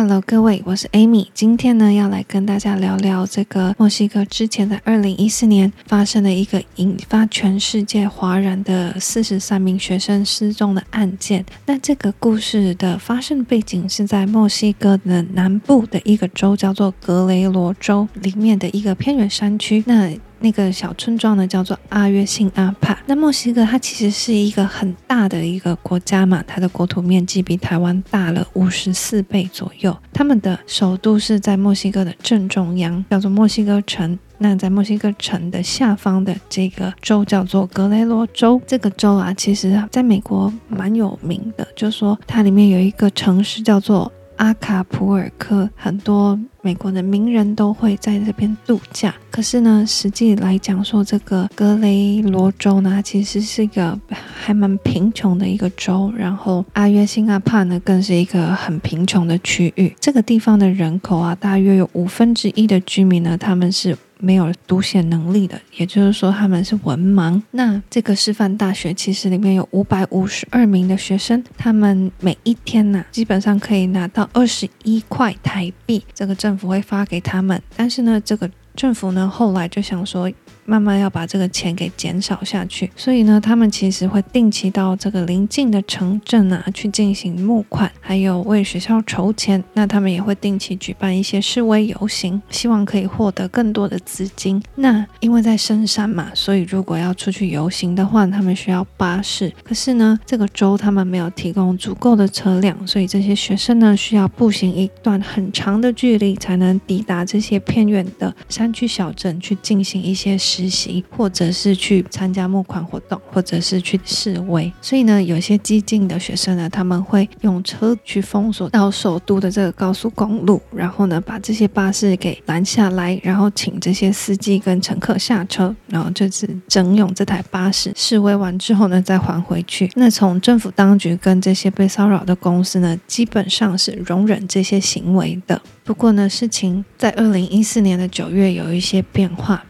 Hello，各位，我是 Amy。今天呢，要來跟大家聊聊這個墨西哥之前的二零一四年發生的一個引發全世界嘩然的四十三名學生失蹤的案件。那這個故事的發生背景是在墨西哥的南部的一個州，叫做格雷羅州裡面的一個偏遠山區。那那個小村莊呢，叫做阿約信阿帕。那墨西哥它其實是一個很大的一個國家嘛，它的國土面積比台灣大了五十四倍左右。他們的首都是在墨西哥的正中央，叫做墨西哥城。那在墨西哥城的下方的這個州叫做格雷羅州。這個州啊，其實在美國蠻有名的，就是說它裡面有一個城市叫做。阿卡普爾克，很多美國的名人都會在這邊度假，可是呢，實際來講說，這個格雷羅州呢，其實是一個還蠻貧窮的一個州，然後阿約辛阿帕呢，更是一個很貧窮的區域。這個地方的人口啊，大約有五分之一的居民呢，他們是。沒有讀寫能力的，也就是說他們是文盲。那這個師範大學其實裡面有五百五十二名的學生，他們每一天呢、啊，基本上可以拿到二十一塊台幣，這個政府會發給他們。但是呢，這個政府呢後來就想說。慢慢要把這個錢給減少下去，所以呢，他們其實會定期到這個臨近的城鎮啊去進行募款，還有為學校籌錢。那他們也會定期舉辦一些示威遊行，希望可以獲得更多的資金。那因為在深山嘛，所以如果要出去遊行的話，他們需要巴士。可是呢，這個州他們沒有提供足夠的車輛，所以這些學生呢需要步行一段很長的距離，才能抵達這些偏遠的山區小鎮去進行一些示。實習，或者是去參加募款活動，或者是去示威。所以呢，有些激進的學生呢，他們會用車去封鎖到首都的這個高速公路，然後呢，把這些巴士給攔下來，然後請這些司機跟乘客下車，然後就是徵用這台巴士示威完之後呢，再還回去。那從政府當局跟這些被騷擾的公司呢，基本上是容忍這些行為的。不過呢，事情在二零一四年的九月有一些變化。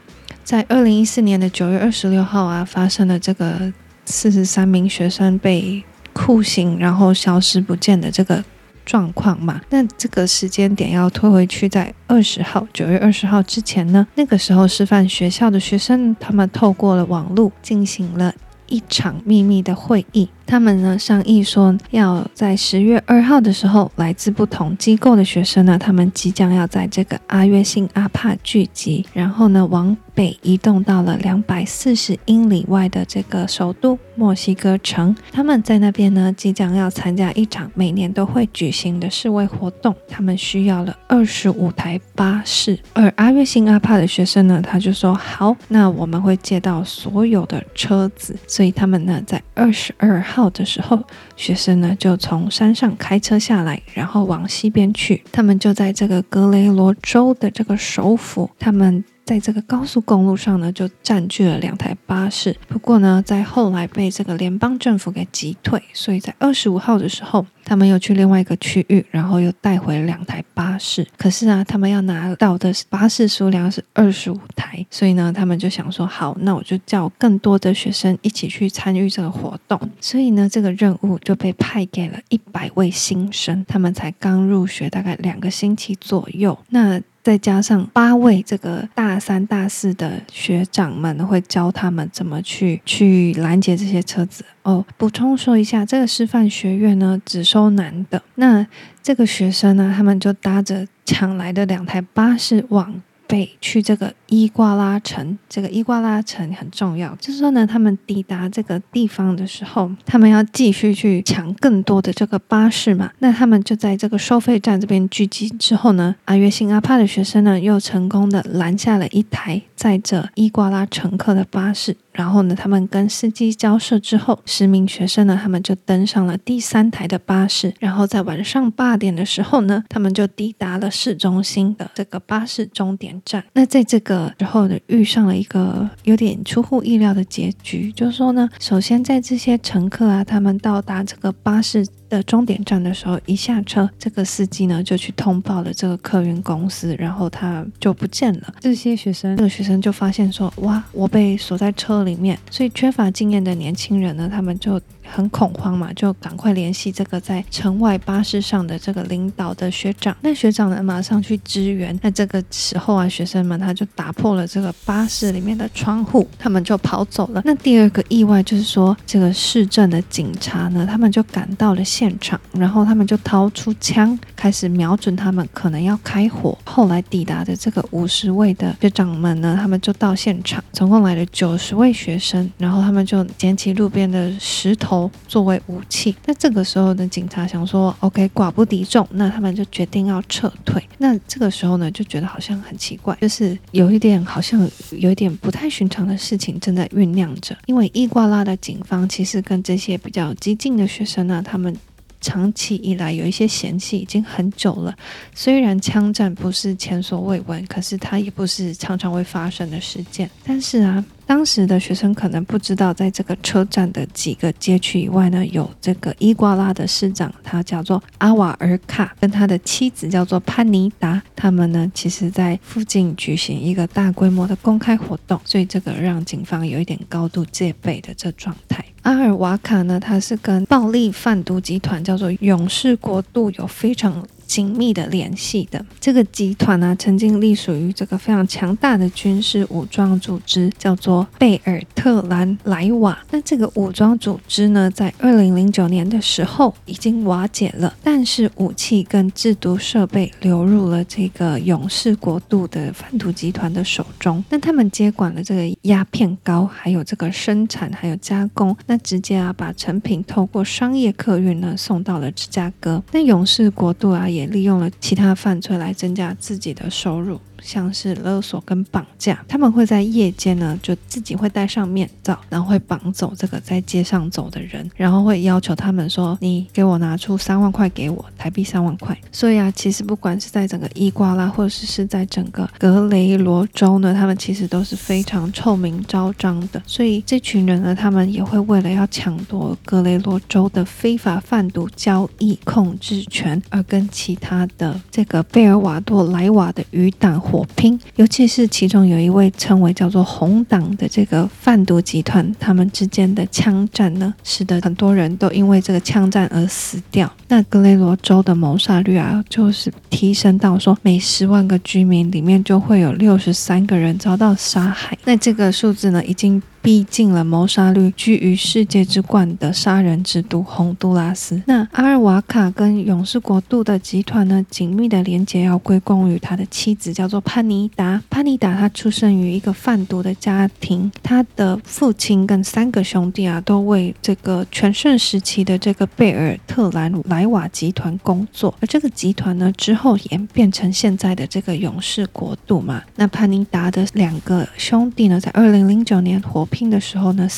在二零一四年的九月二十六號啊，發生了這個四十三名學生被酷刑，然後消失不見的這個狀況嘛。那這個時間點要推回去，在二十號，九月二十號之前呢，那個時候師範學校的學生他們透過了網絡進行了一場秘密的會議。他們呢商議說要在十月二號的時候，來自不同機構的學生呢，他們即將要在這個阿約辛阿帕聚集，然後呢往北移動到了兩百四十英里外的這個首都墨西哥城。他們在那邊呢即將要參加一場每年都會舉行的示威活動，他們需要了二十五台巴士。而阿約辛阿帕的學生呢，他就說好，那我們會借到所有的車子，所以他們呢在二十二號。到的時候，學生呢就從山上開車下來，然後往西邊去。他們就在這個格雷羅州的這個首府，他們。在這個高速公路上呢，就占據了兩台巴士。不過呢，在後來被這個聯邦政府給擊退。所以在二十五號的時候，他們又去另外一個區域，然後又帶回了兩台巴士。可是啊，他們要拿到的巴士數量是二十五台，所以呢，他們就想說，好，那我就叫更多的學生一起去參與這個活動。所以呢，這個任務就被派給了一百位新生，他們才剛入學，大概兩個星期左右。那再加上八位這個大三、大四的學長們會教他們怎麼去去攔截這些車子。哦，補充說一下，這個師範學院呢，只收男的。那這個學生呢，他們就搭着搶來的兩台巴士往。北去這個伊瓜拉城，這個伊瓜拉城很重要。這時候呢，他們抵達這個地方的時候，他們要繼續去搶更多的這個巴士嘛。那他們就在這個收費站這邊聚集之後呢，阿約辛阿帕的學生呢，又成功地攔下了一台載着伊瓜拉乘客的巴士。然後呢，他們跟司機交涉之後，十名學生呢，他們就登上了第三台的巴士。然後在晚上八點的時候呢，他們就抵達了市中心的這個巴士終點站。那在這個時候呢，遇上了一個有點出乎意料的結局，就是說呢，首先在這些乘客啊，他們到達這個巴士。的終點站的時候，一下車，這個司機呢就去通報了這個客運公司，然後他就不見了。這些學生，這個學生就發現說：“哇，我被鎖在車裡面。”所以缺乏經驗的年輕人呢，他們就，很恐慌嘛，就趕快聯繫這個在城外巴士上的這個領導的學長。那學長呢，馬上去支援。那這個時候啊，學生們他就打破了這個巴士裡面的窗戶，他們就跑走了。那第二個意外就是說，這個市政的警察呢，他們就趕到了現場，然後他們就掏出槍，開始瞄準他們，可能要開火。後來抵達的這個五十位的學長們呢，他們就到現場，總共來了九十位學生，然後他們就撿起路邊的石頭。作為武器，那這個時候的警察想說，OK，寡不敵眾，那他們就決定要撤退。那這個時候呢，就覺得好像很奇怪，就是有一點好像有一點不太尋常的事情正在醞釀着。因為伊瓜拉的警方其實跟這些比較激進的學生呢，他們長期以來有一些嫌隙，已經很久了。雖然槍戰不是前所未聞，可是它也不是常常會發生的事件。但是啊。當時的學生可能不知道，在這個車站的幾個街區以外呢，有這個伊瓜拉的市長，他叫做阿瓦爾卡，跟他的妻子叫做潘尼達，他們呢，其實在附近舉行一個大規模的公開活動，所以這個讓警方有一點高度戒備的這狀態。阿瓦爾卡呢，他是跟暴力販毒集團叫做勇士國度有非常。緊密的聯繫的這個集團呢、啊，曾經隸屬於這個非常強大的軍事武裝組織，叫做貝爾特蘭萊瓦。那這個武裝組織呢，在二零零九年的時候已經瓦解了，但是武器跟制毒設備流入了這個勇士國度的販毒集團的手中。那他們接管了這個鴉片膏，還有這個生產還有加工，那直接啊把成品透過商業客運呢送到了芝加哥。那勇士國度啊也。也利用了其他犯罪來增加自己的收入。像是勒索跟綁架，他們會在夜間呢，就自己會戴上面罩，然後會綁走這個在街上走的人，然後會要求他們說：“你給我拿出三萬塊給我，台幣三萬塊。”所以啊，其實不管是在整個伊瓜拉，或者是是在整個格雷羅州呢，他們其實都是非常臭名昭彰的。所以這群人呢，他們也會為了要搶奪格雷羅州的非法販毒交易控制權，而跟其他的這個貝爾瓦多萊瓦的餘黨。火拼，尤其是其中有一位稱為叫做紅黨的這個販毒集團，他們之間的槍戰呢，使得很多人都因為這個槍戰而死掉。那格雷羅州的謀殺率啊，就是提升到說每十萬個居民裡面就會有六十三個人遭到殺害。那這個數字呢，已經逼近了謀殺率居於世界之冠的殺人之都洪都拉斯。那阿爾瓦卡跟勇士國度的集團呢緊密的連接，要歸功於他的妻子，叫做潘尼達。潘尼達他出生於一個販毒的家庭，他的父親跟三個兄弟啊都為這個全盛時期的這個貝爾特蘭萊瓦集團工作。而這個集團呢之後演變成現在的這個勇士國度嘛。那潘尼達的兩個兄弟呢，在二零零九年活。拼的時候呢，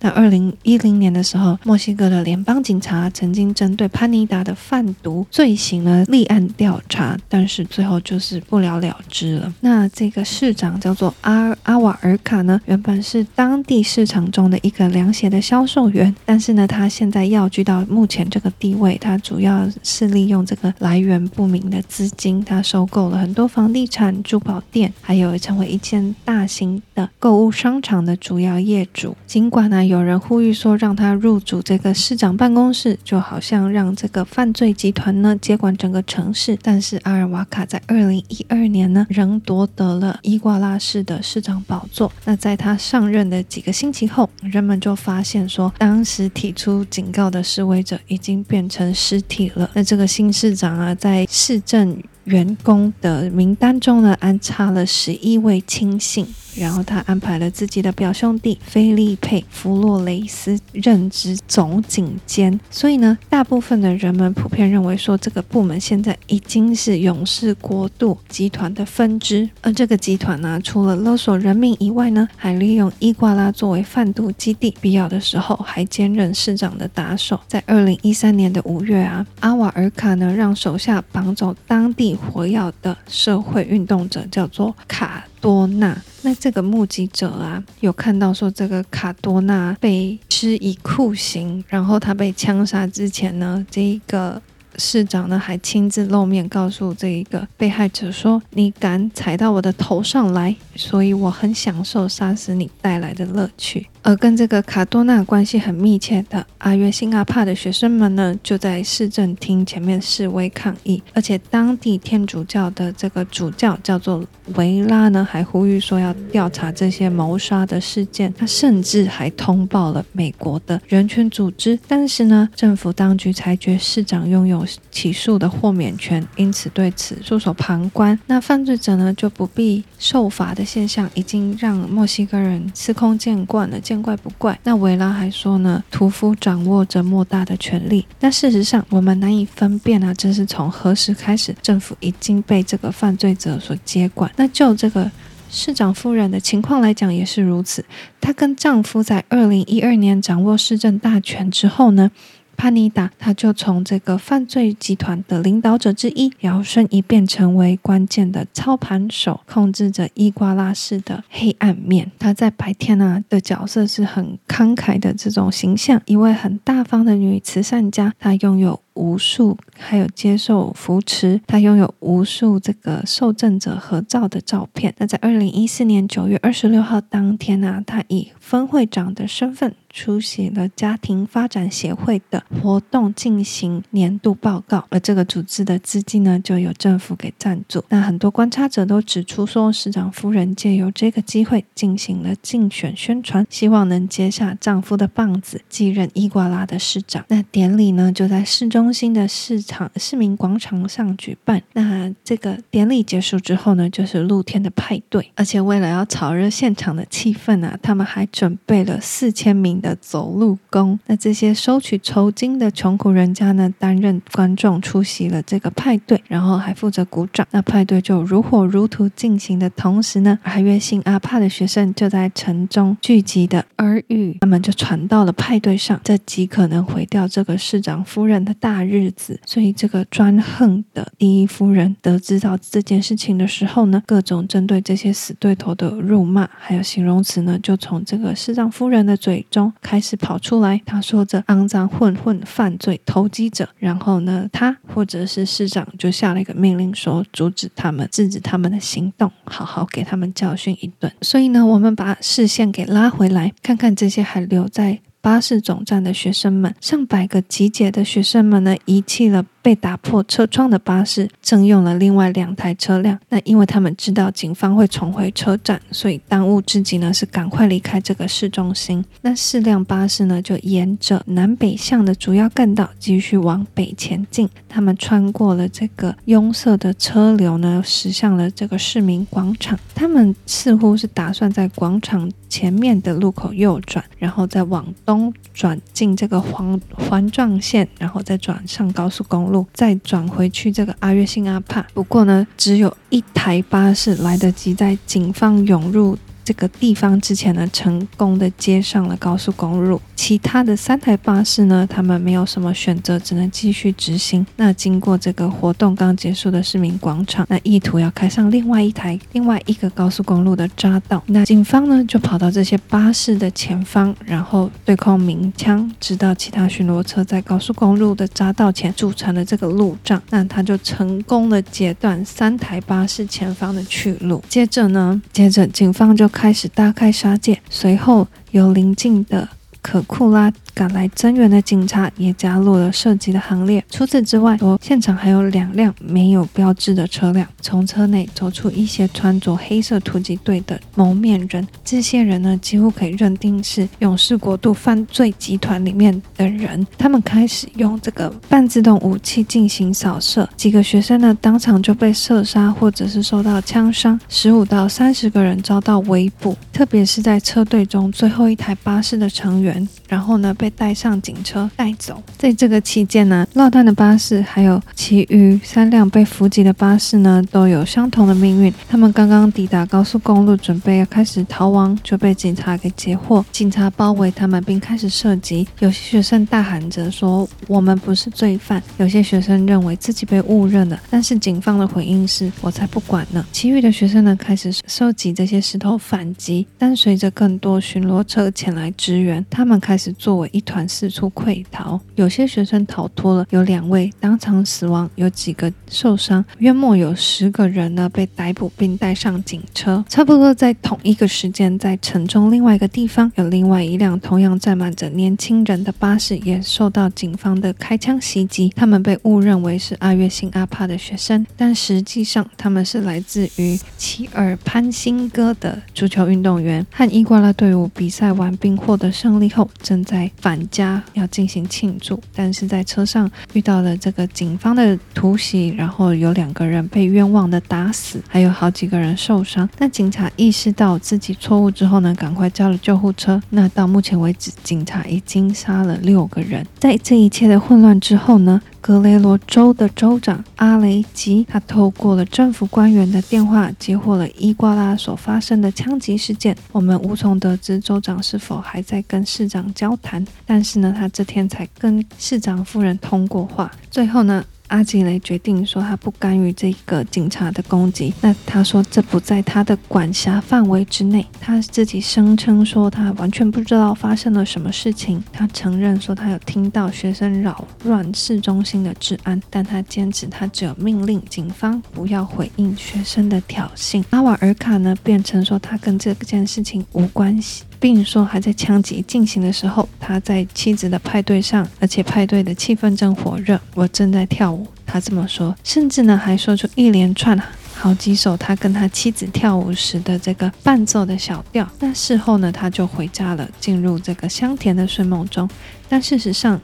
那二零一零年的時候，墨西哥的聯邦警察曾經針對潘尼達的販毒罪行呢立案調查，但是最後就是不了了之了。那這個市長叫做阿阿瓦爾卡呢，原本是當地市場中的一個涼鞋的銷售員，但是呢，他現在要居到目前這個地位，他主要是利用這個來源不明的資金，他收購了很多房地產、珠寶店，還有成為一間大型的購物商場的主要業主，儘管。那有人呼籲說，讓他入主這個市長辦公室，就好像讓這個犯罪集團呢接管整個城市。但是阿爾瓦卡在二零一二年呢，仍奪得了伊瓜拉市的市長寶座。那在他上任的幾個星期後，人們就發現說，當時提出警告的示威者已經變成屍體了。那這個新市長啊，在市政。員工的名單中呢，安插了十一位親信，然後他安排了自己的表兄弟菲利佩·弗洛雷斯任職總警監。所以呢，大部分的人們普遍認為說，這個部門現在已經是勇士國度集團的分支。而、呃、這個集團呢，除了勒索人民以外呢，還利用伊瓜拉作為販毒基地，必要的時候還兼任市長的打手。在二零一三年的五月啊，阿瓦爾卡呢，讓手下綁走當地。活躍的社會運動者叫做卡多納，那這個目擊者啊，有看到說這個卡多納被施以酷刑，然後他被槍殺之前呢，這一個。市長呢還親自露面，告訴這一個被害者說：“你敢踩到我的頭上來，所以我很享受殺死你帶來的樂趣。”而跟這個卡多納關係很密切的阿約辛阿帕的學生們呢，就在市政廳前面示威抗議。而且當地天主教的這個主教叫做維拉呢，還呼籲說要調查這些謀殺的事件。他甚至還通報了美國的人權組織。當時呢，政府當局裁決市長擁有。起訴的豁免權，因此對此束手旁觀。那犯罪者呢，就不必受罰的現象，已經讓墨西哥人司空見慣了，見怪不怪。那維拉還說呢，屠夫掌握着莫大的權力。那事實上，我們難以分辨啊，這是從何時開始，政府已經被這個犯罪者所接管。那就這個市長夫人的情況來講也是如此。她跟丈夫在二零一二年掌握市政大權之後呢，帕尼達，他就從這個犯罪集團的領導者之一，搖身一變成為關鍵的操盤手，控制着伊瓜拉市的黑暗面。他在白天呢、啊、的角色是很慷慨的這種形象，一位很大方的女慈善家。她擁有無數，還有接受扶持，她擁有無數這個受贈者合照的照片。那在二零一四年九月二十六號當天呢、啊，她以分會長的身份。出席了家庭發展協會的活動，進行年度報告，而這個組織的資金呢，就由政府給贊助。那很多觀察者都指出說，市長夫人借由這個機會進行了競選宣傳，希望能接下丈夫的棒子，繼任伊瓜拉的市長。那典禮呢，就在市中心的市場、市民廣場上舉辦。那這個典禮結束之後呢，就是露天的派對，而且為了要炒熱現場的氣氛啊，他們還準備了四千名的走路工，那這些收取酬金的窮苦人家呢，擔任觀眾出席了這個派對，然後還負責鼓掌。那派對就如火如荼進行的同時呢，還約辛納帕的學生就在城中聚集的耳語，他們就傳到了派對上，這極可能毀掉這個市長夫人的大日子。所以這個專橫的第一夫人得知到這件事情的時候呢，各種針對這些死對頭的辱罵，還有形容詞呢，就從這個市長夫人的嘴中。開始跑出來，他說着“骯髒混混、犯罪投機者”。然後呢，他或者是市長就下了一個命令，說阻止他們，制止他們的行動，好好給他們教訓一頓。所以呢，我們把視線給拉回來，看看這些還留在。巴士總站的學生們，上百個集結的學生們呢，遺棄了被打破車窗的巴士，徵用了另外兩台車輛。那因為他們知道警方會重回車站，所以當務之急呢是趕快離開這個市中心。那四輛巴士呢就沿着南北向的主要幹道繼續往北前進。他們穿過了這個擁塞的車流呢，駛向了這個市民廣場。他們似乎是打算在廣場前面的路口右轉，然後再往東轉進這個環環狀線，然後再轉上高速公路，再轉回去這個阿月新阿帕。不過呢，只有一台巴士來得及在警方湧入這個地方之前呢，成功地接上了高速公路。其他的三台巴士呢？他們沒有什麼選擇，只能繼續執行。那經過這個活動剛結束的市民廣場，那意圖要開上另外一台，另外一個高速公路的匝道。那警方呢，就跑到這些巴士的前方，然後對空鳴槍，直到其他巡邏車在高速公路的匝道前組成了這個路障。那他就成功的截斷三台巴士前方的去路。接着呢，接着警方就開始大開殺戒。隨後由鄰近的。可酷啦、啊！趕來增援的警察也加入了射擊的行列。除此之外，現場還有兩輛沒有標誌的車輛。從車內走出一些穿着黑色突擊隊的蒙面人，這些人呢幾乎可以認定是勇士國度犯罪集團裡面的人。他們開始用這個半自動武器進行掃射，幾個學生呢當場就被射殺，或者是受到槍傷。十五到三十個人遭到圍捕，特別是在車隊中最後一台巴士的成員，然後呢被。帶上警車帶走，在這個期間呢，落單的巴士還有其餘三輛被伏擊的巴士呢，都有相同的命運。他們剛剛抵達高速公路，準備要開始逃亡，就被警察給截獲。警察包圍他們，並開始射擊。有些學生大喊着說：“我們不是罪犯。”有些學生認為自己被誤認了，但是警方的回應是：“我才不管呢。”其餘的學生呢，開始收集這些石頭反擊，但隨着更多巡邏車前來支援，他們開始作為。一團四處潰逃，有些學生逃脫了，有兩位當場死亡，有幾個受傷。約莫有十個人呢，被逮捕並帶上警車。差不多在同一個時間，在城中另外一個地方，有另外一輛同樣載滿着年輕人的巴士也受到警方的開槍襲擊。他們被誤認為是阿月新阿帕的學生，但實際上他們是來自於奇爾潘辛哥的足球運動員。和伊瓜拉隊伍比賽完並獲得勝利後，正在。玩家要進行慶祝，但是在車上遇到了這個警方的突襲，然後有兩個人被冤枉的打死，還有好幾個人受傷。那警察意識到自己錯誤之後呢，趕快叫了救護車。那到目前為止，警察已經殺了六個人。在這一切的混亂之後呢？格雷羅州的州長阿雷吉，他透過了政府官員的電話，接獲了伊瓜拉所發生的槍擊事件。我們無從得知州長是否還在跟市長交談，但是呢，他這天才跟市長夫人通過話。最後呢。阿吉雷決定說，他不干預這個警察的攻擊。那他說這不在他的管轄範圍之內。他自己聲稱說，他完全不知道發生了什麼事情。他承認說，他有聽到學生擾亂市中心的治安，但他堅持他只有命令警方不要回應學生的挑釁。阿瓦爾卡呢，辯稱說他跟這件事情無關係。並說，還在槍擊進行的時候，他在妻子的派對上，而且派對的氣氛正火熱，我正在跳舞。他這麼說，甚至呢還說出一連串啊，好幾首他跟他妻子跳舞時的這個伴奏的小調。那事後呢，他就回家了，進入這個香甜的睡夢中。但事實上，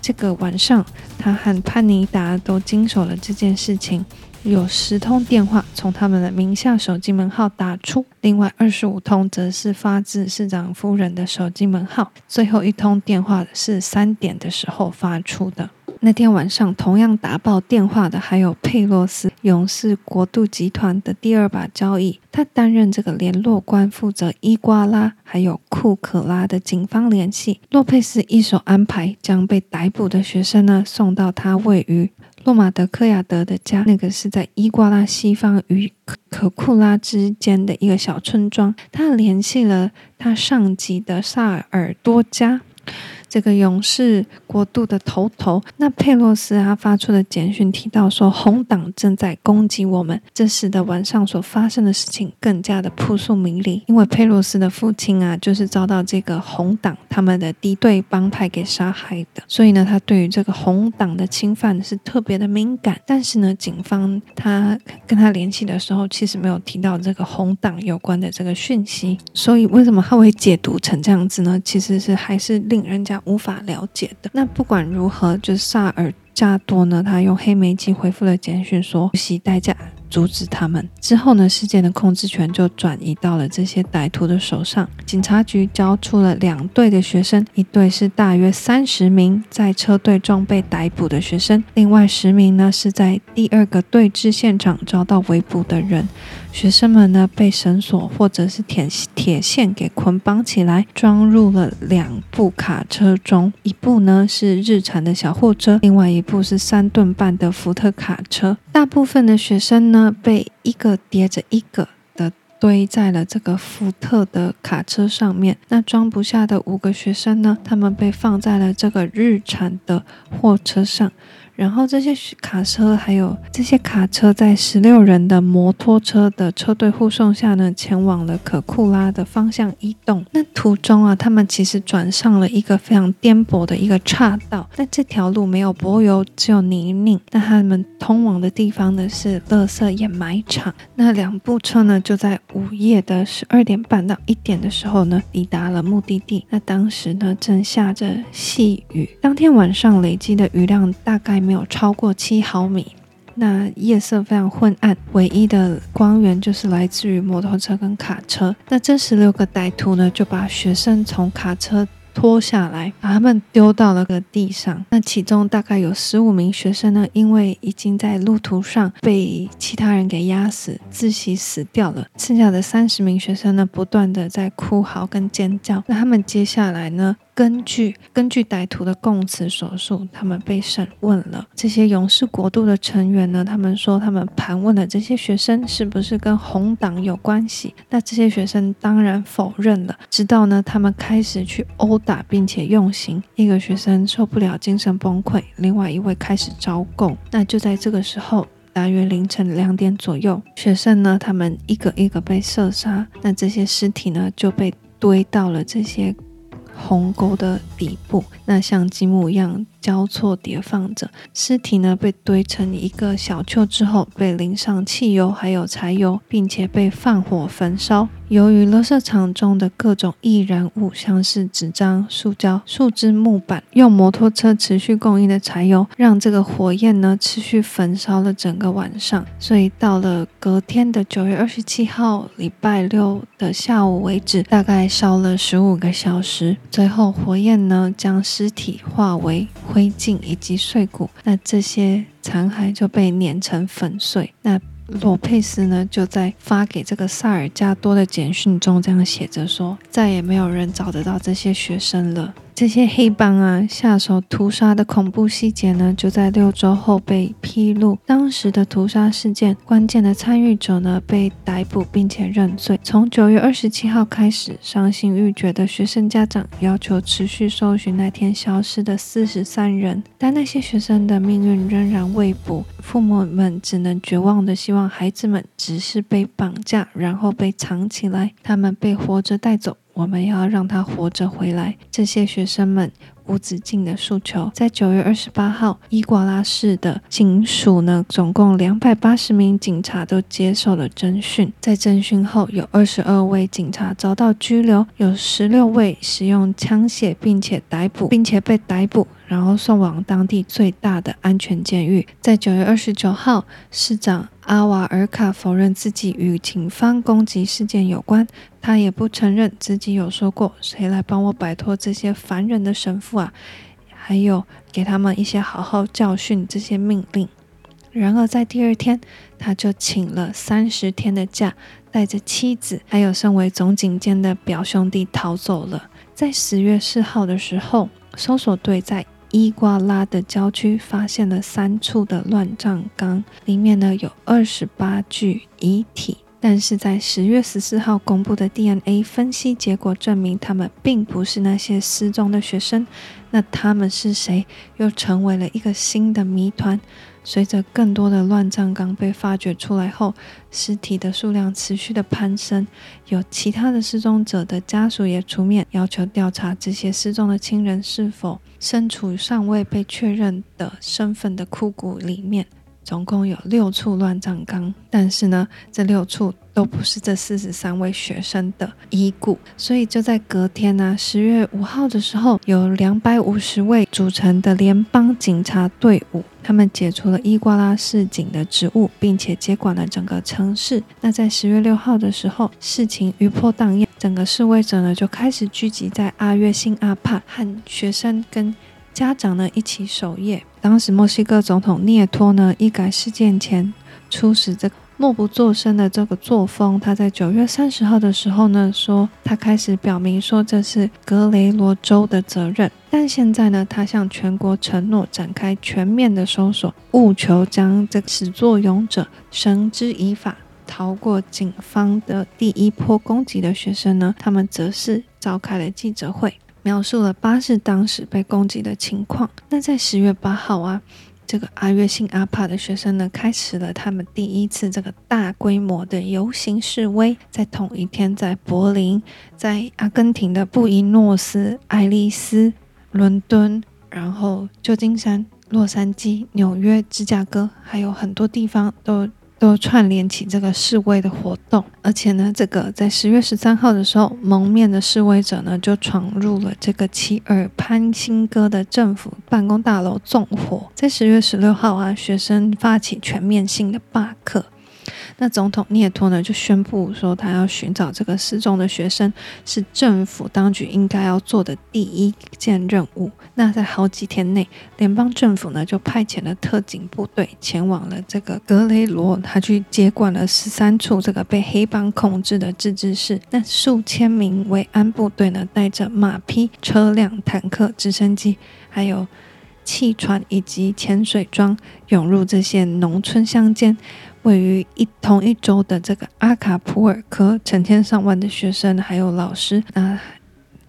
這個晚上他和潘尼達都經手了這件事情。有十通電話從他們的名下手機門號打出，另外二十五通則是發自市長夫人的手機門號。最後一通電話是三點的時候發出的。那天晚上，同樣打爆電話的還有佩洛斯，勇士國度集團的第二把交椅。他擔任這個聯絡官，負責伊瓜拉還有庫可拉的警方聯繫。洛佩斯一手安排將被逮捕的學生呢送到他位於。洛馬德科亞德的家，那個是在伊瓜拉西方與可可庫拉之間的一個小村莊。他聯繫了他上級的薩爾多加。這個勇士國度的頭頭那佩洛斯，他發出的簡訊提到說，紅黨正在攻擊我們，這使得晚上所發生的事情更加的撲朔迷離。因為佩洛斯的父親啊就是遭到這個紅黨他們的敵對幫派給殺害的，所以呢，他對於這個紅黨的侵犯是特別的敏感。但是呢，警方他跟他聯繫的時候，其實沒有提到這個紅黨有關的這個訊息。所以為什麼他會解讀成這樣子呢？其實是還是令人家，無法了解的。那不管如何，就薩爾加多呢，他用黑莓機回復了簡訊說，說不惜代價阻止他們。之後呢，事件的控制權就轉移到了這些歹徒的手上。警察局交出了兩隊的學生，一隊是大約三十名在車隊中被逮捕的學生，另外十名呢是在第二個對峙現場遭到圍捕的人。學生們呢，被繩索或者是鐵鐵線給捆綁起來，裝入了兩部卡車中。一部呢是日產的小貨車，另外一部是三噸半的福特卡車。大部分的學生呢被一個疊着一個的堆在了這個福特的卡車上面。那裝不下的五個學生呢，他們被放在了這個日產的貨車上。然後這些卡車，還有這些卡車，在十六人的摩托車的車隊護送下呢，前往了可庫拉的方向移動。那途中啊，他們其實轉上了一個非常顛簸的一個岔道。那這條路沒有柏油，只有泥濘。那他們通往的地方呢，是垃圾掩埋場。那兩部車呢，就在午夜的十二點半到一點的時候呢，抵達了目的地。那當時呢，正下着細雨。當天晚上累積的雨量大概沒有。沒有超過七毫米。那夜色非常昏暗，唯一的光源就是來自於摩托車跟卡車。那這十六個歹徒呢，就把學生從卡車拖下來，把他們丟到了個地上。那其中大概有十五名學生呢，因為已經在路途上被其他人給壓死、窒息死掉了。剩下的三十名學生呢，不斷地在哭嚎跟尖叫。那他們接下來呢？根據根據歹徒的供詞所述，他們被審問了，這些勇士國度的成員呢，他們說他們盤問了這些學生，是不是跟紅黨有關係？那這些學生當然否認了。直到呢，他們開始去毆打，並且用刑。一個學生受不了，精神崩潰，另外一位開始招供。那就在這個時候，大約凌晨兩點左右，學生呢，他們一個一個被射殺。那這些屍體呢，就被堆到了這些鴻溝的底部，那像積木一樣，交錯疊放着，屍體呢被堆成一個小丘之後，被淋上汽油，還有柴油，並且被放火焚燒。由於垃圾場中的各種易燃物，像是紙張、塑膠、樹枝、木板，用摩托車持續供應的柴油，讓這個火焰呢持續焚燒了整個晚上。所以到了隔天的九月二十七號，禮拜六的下午為止，大概燒了十五個小時。最後火焰呢將屍體化為灰燼以及碎骨，那這些殘骸就被碾成粉碎。那洛佩斯呢，就在發給這個薩爾加多的簡訊中這樣寫着說：“再也沒有人找得到這些學生了。”這些黑幫啊，下手屠殺的恐怖細節呢，就在六周後被披露。當時的屠殺事件，關鍵的參與者呢，被逮捕並且認罪。從九月二十七號開始，傷心欲絕的學生家長要求持續搜尋那天消失的四十三人，但那些學生的命運仍然未卜。父母們只能絕望的希望孩子們只是被綁架，然後被藏起來，他們被活着帶走。我們要讓他活着回來，這些學生們無止境的訴求。在九月二十八號，伊瓜拉市的警署呢，總共兩百八十名警察都接受了偵訊。在偵訊後，有二十二位警察遭到拘留，有十六位使用槍械並且逮捕，並且被逮捕，然後送往當地最大的安全監獄。在九月二十九號，市長阿瓦爾卡否認自己與警方攻擊事件有關，他也不承認自己有說過“誰來幫我擺脫這些煩人的神父啊，還有給他們一些好好教訓這些命令”。然而，在第二天，他就請了三十天的假，帶着妻子還有身為總警監的表兄弟逃走了。在十月四號的時候，搜索隊在伊瓜拉的郊區發現了三處的亂葬崗，裡面呢有二十八具遺體，但是在十月十四號公布的 DNA 分析結果證明，他們並不是那些失蹤的學生，那他們是誰？又成為了一個新的謎團。隨着更多的亂葬崗被發掘出來後，屍體的數量持續的攀升，有其他的失蹤者的家屬也出面要求調查這些失蹤的親人是否身處尚未被確認的身份的枯骨裡面。總共有六處亂葬崗，但是呢，這六處都不是這四十三位學生的遺骨。所以就在隔天呢、啊，十月五號的時候，有兩百五十位組成的聯邦警察隊伍，他們解除了伊瓜拉市警的職務，並且接管了整個城市。那在十月六號的時候，事情餘波蕩漾，整個示威者呢就開始聚集在阿約辛阿帕和學生跟。家長呢一起守夜。當時墨西哥總統涅托呢一改事件前初始這個默不作聲的這個作風，他在九月三十號的時候呢說，他開始表明說這是格雷羅州的責任。但現在呢，他向全國承諾展開全面的搜索，務求將這個始作俑者繩之以法。逃過警方的第一波攻擊的學生呢，他們則是召開了記者會。描述了巴士當時被攻擊的情況。那在十月八號啊，這個阿約信阿帕的學生呢，開始了他們第一次這個大規模的遊行示威。在同一天，在柏林、在阿根廷的布宜諾斯艾利斯、倫敦，然後舊金山、洛杉磯、紐約、芝加哥，還有很多地方都。就串聯起這個示威的活動，而且呢，這個在十月十三號的時候，蒙面的示威者呢就闖入了這個奇爾潘辛戈的政府辦公大樓縱火。在十月十六號啊，學生發起全面性的罷課。那總統涅托呢，就宣布說，他要尋找這個失蹤的學生是政府當局應該要做的第一件任務。那在好幾天內，聯邦政府呢就派遣了特警部隊前往了這個格雷羅，他去接管了十三處這個被黑幫控制的自治市。那數千名維安部隊呢，帶着馬匹、車輛、坦克、直升機，還有汽船以及潛水裝，湧入這些農村鄉間。位於一同一州的這個阿卡普爾科，成千上萬的學生還有老師啊，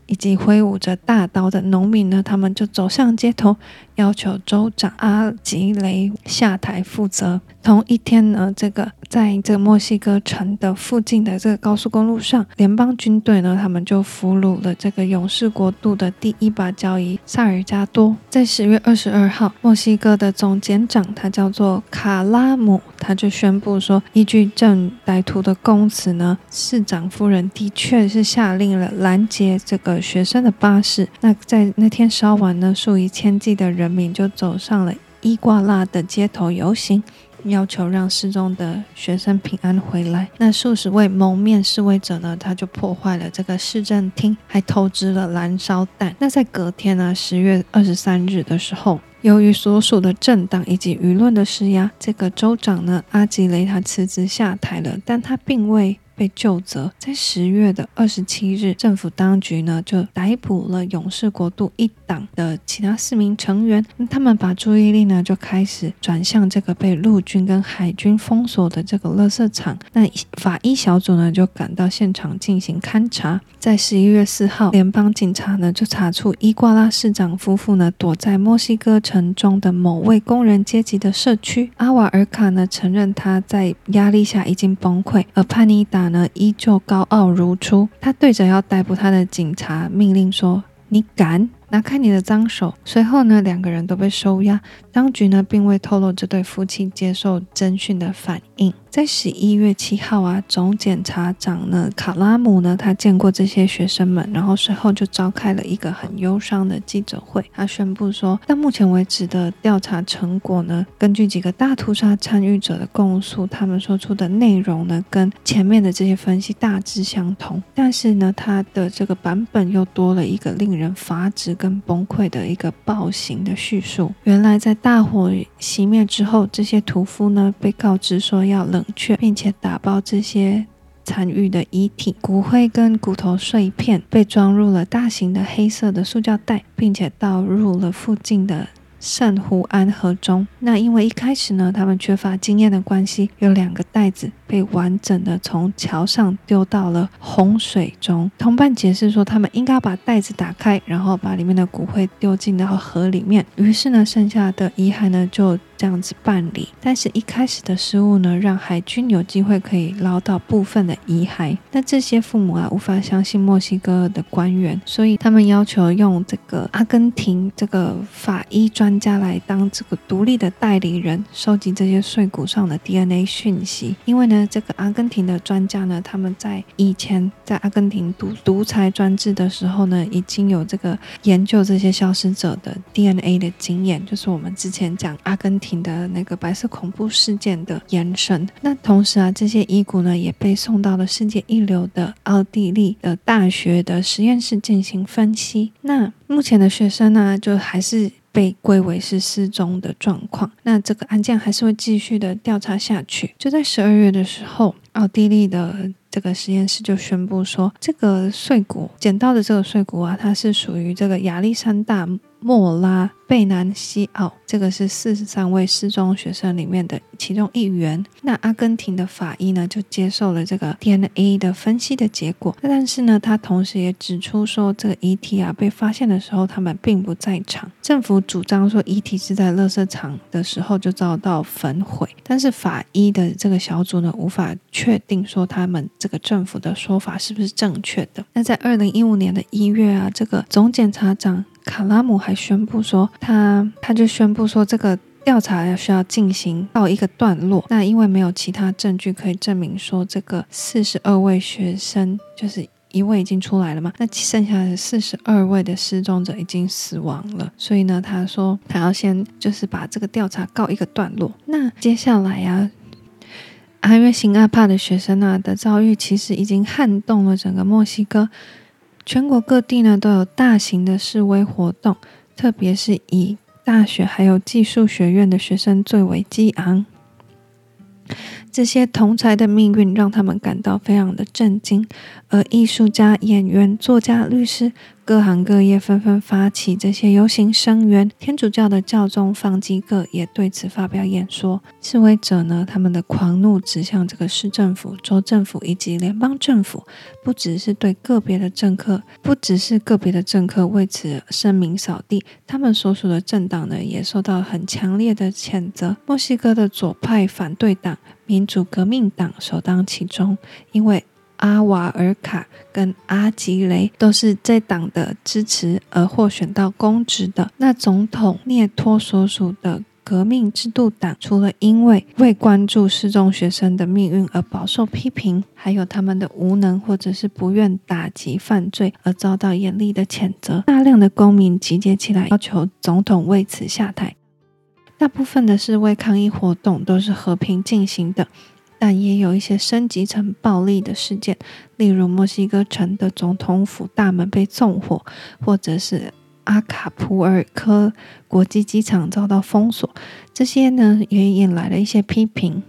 以及揮舞着大刀的農民呢，他們就走上街頭。要求州長阿吉雷下台負責。同一天呢，這個在這個墨西哥城的附近的這個高速公路上，聯邦軍隊呢，他們就俘虜了這個勇士國度的第一把交椅薩爾加多。在十月二十二號，墨西哥的總檢長他叫做卡拉姆，他就宣布說，依據這歹徒的供詞呢，市長夫人的確是下令了攔截這個學生的巴士。那在那天稍晚呢，數以千計的人。人民就走上了伊瓜拉的街頭遊行，要求讓失蹤的學生平安回來。那數十位蒙面示威者呢，他就破壞了這個市政廳，還投擲了燃燒彈。那在隔天呢，十月二十三日的時候，由於所屬的政黨以及輿論的施壓，這個州長呢，阿吉雷他辭職下台了，但他並未。被究責，在十月的二十七日，政府當局呢就逮捕了勇士國度一黨的其他四名成員。他們把注意力呢就開始轉向這個被陸軍跟海軍封鎖的這個垃圾場。那法醫小組呢就趕到現場進行勘查。在十一月四號，聯邦警察呢就查出伊瓜拉市長夫婦呢躲在墨西哥城中的某位工人階級的社區。阿瓦爾卡呢承認他在壓力下已經崩潰，而帕尼達。依舊高傲如初。他對着要逮捕他的警察命令說：“你敢？”拿開你的髒手。隨後呢，兩個人都被收押。當局呢，並未透露這對夫妻接受偵訊的反應。在十一月七號啊，總檢察長呢，卡拉姆呢，他見過這些學生們，然後隨後就召開了一個很憂傷的記者會。他宣布說，到目前為止的調查成果呢，根據幾個大屠殺參與者的供述，他們說出的內容呢，跟前面的這些分析大致相同，但是呢，他的這個版本又多了一個令人髮指的。跟崩潰的一個暴行的敘述。原來在大火熄滅之後，這些屠夫呢，被告知說要冷卻，並且打包這些殘餘的遺體、骨灰跟骨頭碎片，被裝入了大型的黑色的塑膠袋，並且倒入了附近的。聖胡安河中，那因為一開始呢，他們缺乏經驗的關係，有兩個袋子被完整的從橋上丟到了洪水中。同伴解釋說，他們應該把袋子打開，然後把裡面的骨灰丟進到河裡面。於是呢，剩下的遺骸呢就。這樣子辦理，但是一開始的失誤呢，讓海軍有機會可以撈到部分的遺骸。那這些父母啊，無法相信墨西哥的官員，所以他們要求用這個阿根廷這個法醫專家來當這個獨立的代理人，收集這些碎骨上的 DNA 訊息。因為呢，這個阿根廷的專家呢，他們在以前在阿根廷獨獨裁專制的時候呢，已經有這個研究這些消失者的 DNA 的經驗，就是我們之前講阿根廷。庭的那個白色恐怖事件的延伸。那同時啊，這些遺骨呢也被送到了世界一流的奧地利的大學的實驗室進行分析。那目前的學生呢、啊，就還是被歸為是失蹤的狀況。那這個案件還是會繼續的調查下去。就在十二月的時候，奧地利的這個實驗室就宣布說，這個碎骨撿到的這個碎骨啊，它是屬於這個亞歷山大莫拉，貝南西奧，這個是四十三位失蹤學生裡面的其中一員。那阿根廷的法醫呢，就接受了這個 DNA 的分析的結果。但是呢，他同時也指出說，這個遺體啊被發現的時候，他們並不在場。政府主張說，遺體是在垃圾場的時候就遭到焚毀，但是法醫的這個小組呢，無法確定說他們這個政府的說法是不是正確的。那在二零一五年的一月啊，這個總檢察長卡拉姆還宣布說。他他就宣布說，這個調查要需要進行告一個段落。那因為沒有其他證據可以證明說，這個四十二位學生就是一位已經出來了嘛，那剩下的四十二位的失蹤者已經死亡了。所以呢，他說他要先就是把這個調查告一個段落。那接下來啊，阿、啊、約辛阿帕的學生啊的遭遇，其實已經撼動了整個墨西哥，全國各地呢都有大型的示威活動。特別是以大學還有技術學院的學生最為激昂，這些同儕的命運讓他們感到非常的震驚，而藝術家、演員、作家、律師。各行各業紛紛發起這些遊行聲援，天主教的教宗方濟各也對此發表演說。示威者呢，他們的狂怒指向這個市政府、州政府以及聯邦政府，不只是對個別的政客，不只是個別的政客為此聲名掃地，他們所屬的政黨呢，也受到很強烈的譴責。墨西哥的左派反對黨民主革命黨首當其衝，因為。阿瓦爾卡跟阿吉雷都是在黨的支持而獲選到公職的。那總統涅托所屬的革命制度黨，除了因為未關注失蹤學生的命運而飽受批評，還有他們的無能或者是不願打擊犯罪而遭到嚴厲的譴責。大量的公民集結起來，要求總統為此下台。大部分的示威抗議活動，都是和平進行的。但也有一些升級成暴力的事件，例如墨西哥城的總統府大門被縱火，或者是阿卡普爾科國際機場遭到封鎖，這些呢也引來了一些批評，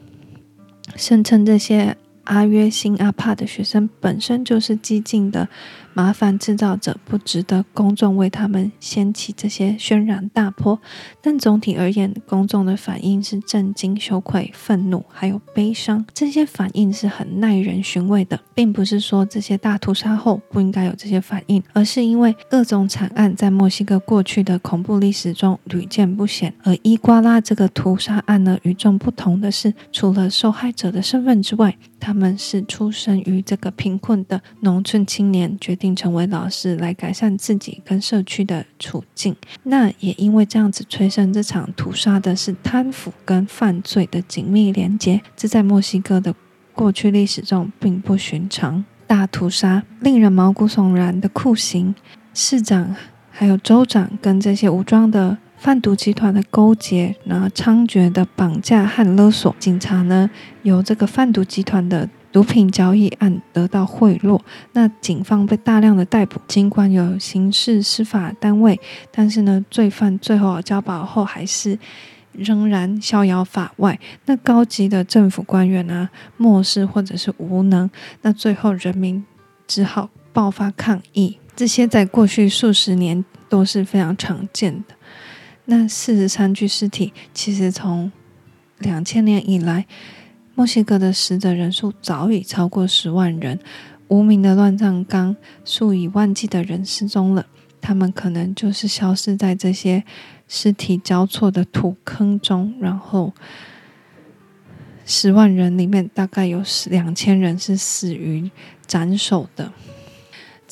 聲稱這些，阿約新阿帕的學生本身就是激進的麻煩製造者，不值得公眾為他們掀起這些軒然大波。但總體而言，公眾的反應是震驚、羞愧、憤怒，還有悲傷。這些反應是很耐人尋味的，並不是說這些大屠殺後不應該有這些反應，而是因為各種慘案在墨西哥過去的恐怖歷史中屢見不鮮。而伊瓜拉這個屠殺案呢，與眾不同的是，除了受害者的身份之外，他們是出生於這個貧困的農村青年，決定成為老師來改善自己跟社區的處境。那也因為這樣子，催生這場屠殺的是貪腐跟犯罪的緊密連接。這在墨西哥的過去歷史中並不尋常。大屠殺令人毛骨悚然的酷刑，市長還有州長跟這些武裝的。販毒集團的勾結，然後猖獗的綁架和勒索，警察呢，由這個販毒集團的毒品交易案得到賄賂，那警方被大量的逮捕。儘管有刑事司法單位，但是呢，罪犯最後交保後還是仍然逍遙法外。那高級的政府官員啊，漠視或者是無能，那最後人民只好爆發抗議。這些在過去數十年都是非常常見的。那四十三具屍體，其實從兩千年以來，墨西哥的死者人數早已超過十萬人。無名的亂葬崗，數以萬計的人失蹤了，他們可能就是消失在這些屍體交錯的土坑中。然後，十萬人裡面大概有兩千人是死於斬首的。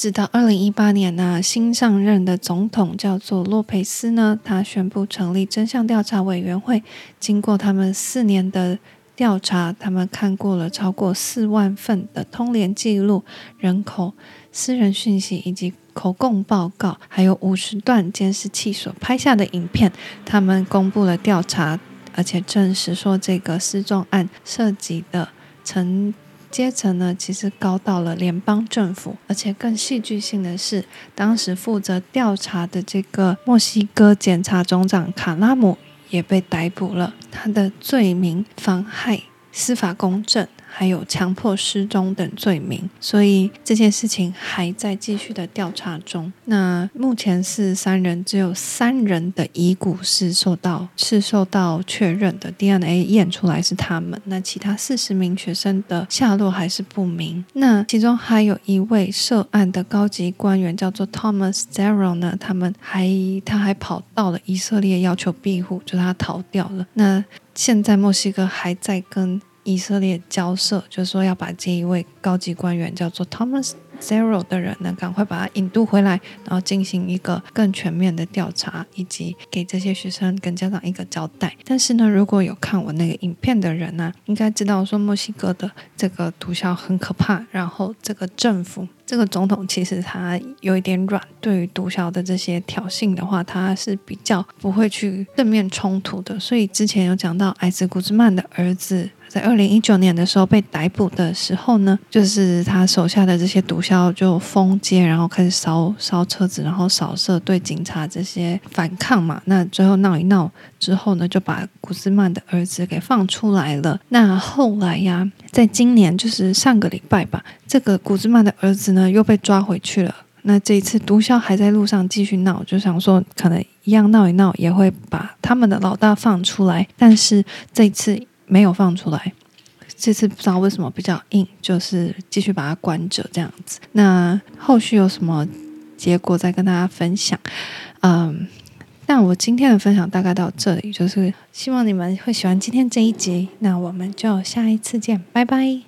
直到二零一八年呢、啊，新上任的總統叫做洛佩斯呢，他宣布成立真相調查委員會。經過他們四年的調查，他們看過了超過四萬份的通聯記錄、人口私人訊息以及口供報告，還有五十段監視器所拍下的影片。他們公布了調查，而且證實說這個失蹤案涉及的成。階層呢，其實高到了聯邦政府，而且更戲劇性的是，當時負責調查的這個墨西哥檢察總長卡拉姆也被逮捕了，他的罪名妨害司法公正。還有強迫失蹤等罪名，所以這件事情還在繼續的調查中。那目前是三人，只有三人的遺骨是受到是受到確認的，DNA 驗出來是他們。那其他四十名學生的下落還是不明。那其中還有一位涉案的高級官員叫做 Tomás Zerón 呢，他們還他還跑到了以色列要求庇護，就是他逃掉了。那現在墨西哥還在跟。以色列交涉，就是說要把這一位高級官員叫做 Thomas Zero 的人呢，趕快把他引渡回來，然後進行一個更全面的調查，以及給這些學生跟家長一個交代。但是呢，如果有看我那個影片的人呢、啊，應該知道說，墨西哥的這個毒梟很可怕，然後這個政府、這個總統其實他有一點軟，對於毒梟的這些挑釁的話，他是比較不會去正面衝突的。所以之前有講到，矮子古茲曼的兒子。在二零一九年的時候被逮捕的時候呢，就是他手下的這些毒梟就封街，然後開始燒燒車子，然後掃射對警察這些反抗嘛。那最後鬧一鬧之後呢，就把古茲曼的兒子給放出來了。那後來呀，在今年就是上個禮拜吧，這個古茲曼的兒子呢又被抓回去了。那這一次毒梟還在路上繼續鬧，就想說可能一樣鬧一鬧也會把他們的老大放出來，但是這次。沒有放出來，這次不知道為什麼比較硬，就是繼續把它關着這樣子。那後續有什麼結果再跟大家分享。嗯，那我今天的分享大概到這裡，就是希望你們會喜歡今天這一集。那我們就下一次見，拜拜。